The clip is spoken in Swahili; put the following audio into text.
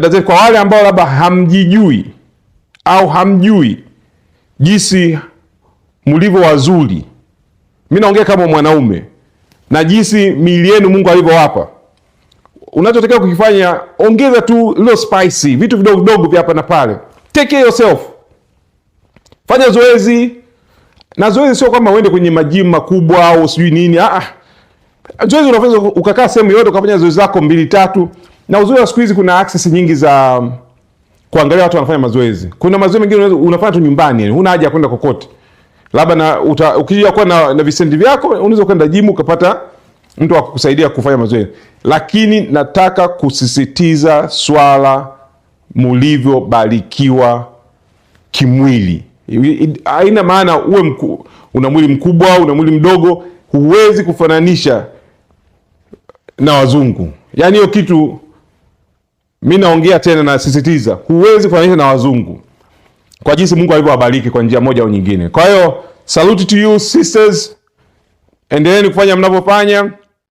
dada zetu, kwa wale ambao labda hamjijui au hamjui jinsi mlivyo wazuri, mi naongea kama mwanaume, na jinsi miili yenu Mungu alivyowapa, unachotakiwa kukifanya, ongeza tu little spicy, vitu vidogo vidogo vya hapa na pale. Take care yourself, fanya zoezi, na zoezi sio kwamba uende kwenye majimu makubwa au sijui nini. Ah, ah. zoezi unaweza ukakaa sehemu yote ukafanya zoezi zako mbili tatu na uzuri wa siku hizi kuna access nyingi za mm, kuangalia watu wanafanya mazoezi. Kuna mazoezi mengine unafanya tu nyumbani, yani huna haja ya kwenda kokote. Labda na ukija kuwa na, na visendi vyako unaweza kwenda gym ukapata mtu wa kukusaidia kufanya mazoezi. Lakini nataka kusisitiza swala mulivyobarikiwa kimwili. Haina maana uwe mku, una mwili mkubwa, una mwili mdogo, huwezi kufananisha na wazungu. Yaani hiyo kitu mi naongea tena, nasisitiza, huwezi kufananisha na wazungu kwa jinsi Mungu alivyowabariki kwa njia moja au nyingine. Kwa hiyo salute to you sisters, endeleni kufanya mnavyofanya.